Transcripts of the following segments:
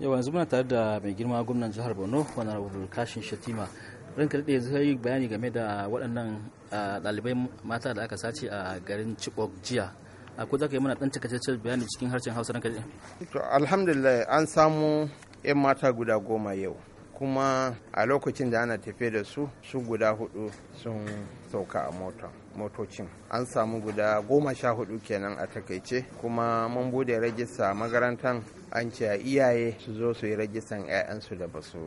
yau yanzu muna tare da mai girma gwamnan jihar borno honorable kashin shatima ranka daɗe yanzu yi bayani game da waɗannan ɗalibai mata da aka sace a garin chibok jiya ko za ka yi mana ɗan cikakken bayani cikin harshen hausa ranka daɗe alhamdulillah an samu 'yan mata guda goma yau kuma a lokacin da ana tafe da su su guda hudu sun sauka a mota motocin an samu guda goma sha hudu kenan a takaice kuma mun bude rajista makarantar an ce iyaye su zo su yi rajistan 'ya'yansu da ba su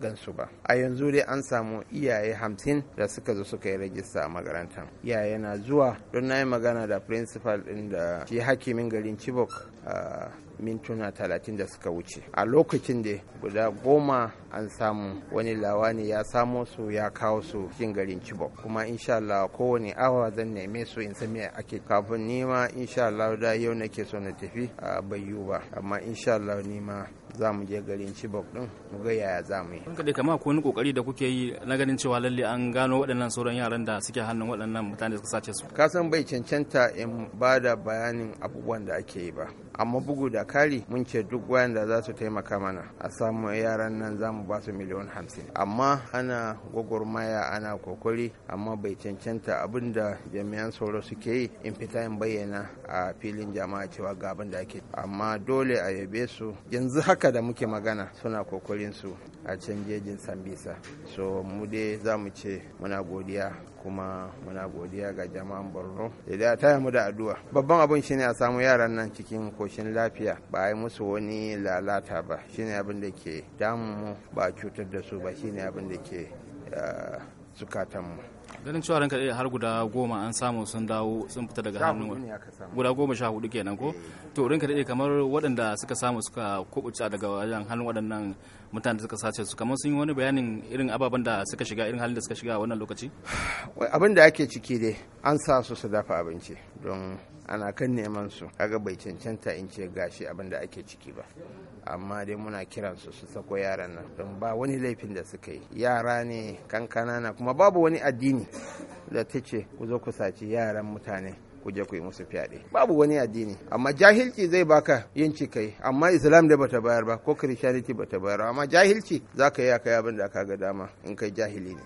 gansu ba a yanzu dai an samu iyaye hamsin da suka zo suka yi rajista a makarantar iyaye na zuwa don na yi magana da principal din da shi hakimin garin chibok a mintuna talatin da suka wuce a lokacin da guda goma an samu wani lawani ya samo su ya kawo su cikin garin chibok kuma insha Allah kowane awa wa zan neme su in san me ake kafin nima insha Allah da yau nake so na tafi a bayu ba amma insha Allah nima za mu je garin Chibok din mu ga yaya za mu yi. Kun kaɗai kama wani kokari da kuke yi na ganin cewa lalle an gano waɗannan sauran yaran da suke hannun waɗannan mutane suka sace su. Ka san bai cancanta in ba da bayanin abubuwan da ake yi ba. amma bugu da kari mun ce duk wayanda za su taimaka mana a samu yaran nan za mu ba su miliyan hamsin amma ana gwagwarmaya ana kokori. amma bai cancanta abin da jami'an tsaro suke yi in fita in bayyana a filin jama'a cewa ga abin da ake amma dole a yabe su yanzu haka da muke magana suna kokarin su a can jejin sambisa so mu dai za mu ce muna godiya kuma muna godiya ga jama'an borno idan ta mu da addu'a babban abin shine a samu yaran nan cikin ko koshin lafiya ba yi musu wani lalata ba shine abin da ke damu ba cutar da su ba shine abin da ke eh, zukatanmu ganin cewa ranka har guda goma an samu sun dawo sun fita daga hannun guda goma sha hudu kenan ko eh. to ranka da kamar waɗanda suka samu suka kubuta daga wajen hannun waɗannan mutane da suka sace su kamar sun yi wani bayanin irin ababen da suka shiga irin halin da suka shiga a wannan lokaci abin da ake ciki dai an sa su su dafa abinci don ana kan neman su kaga bai cancanta in ce gashi abin da ake ciki ba amma dai muna kiran su su sako yaran nan don ba wani laifin da suka yi yara ne kankana na kuma babu wani addini da ta ce ku zo ku saci yaran mutane ku je ku yi musu fyaɗe babu wani addini amma jahilci zai baka yin cikai amma islam da bata bayar ba ko christianity bata bayar amma jahilci za ka yi aka abin da ka ga dama in kai jahili ne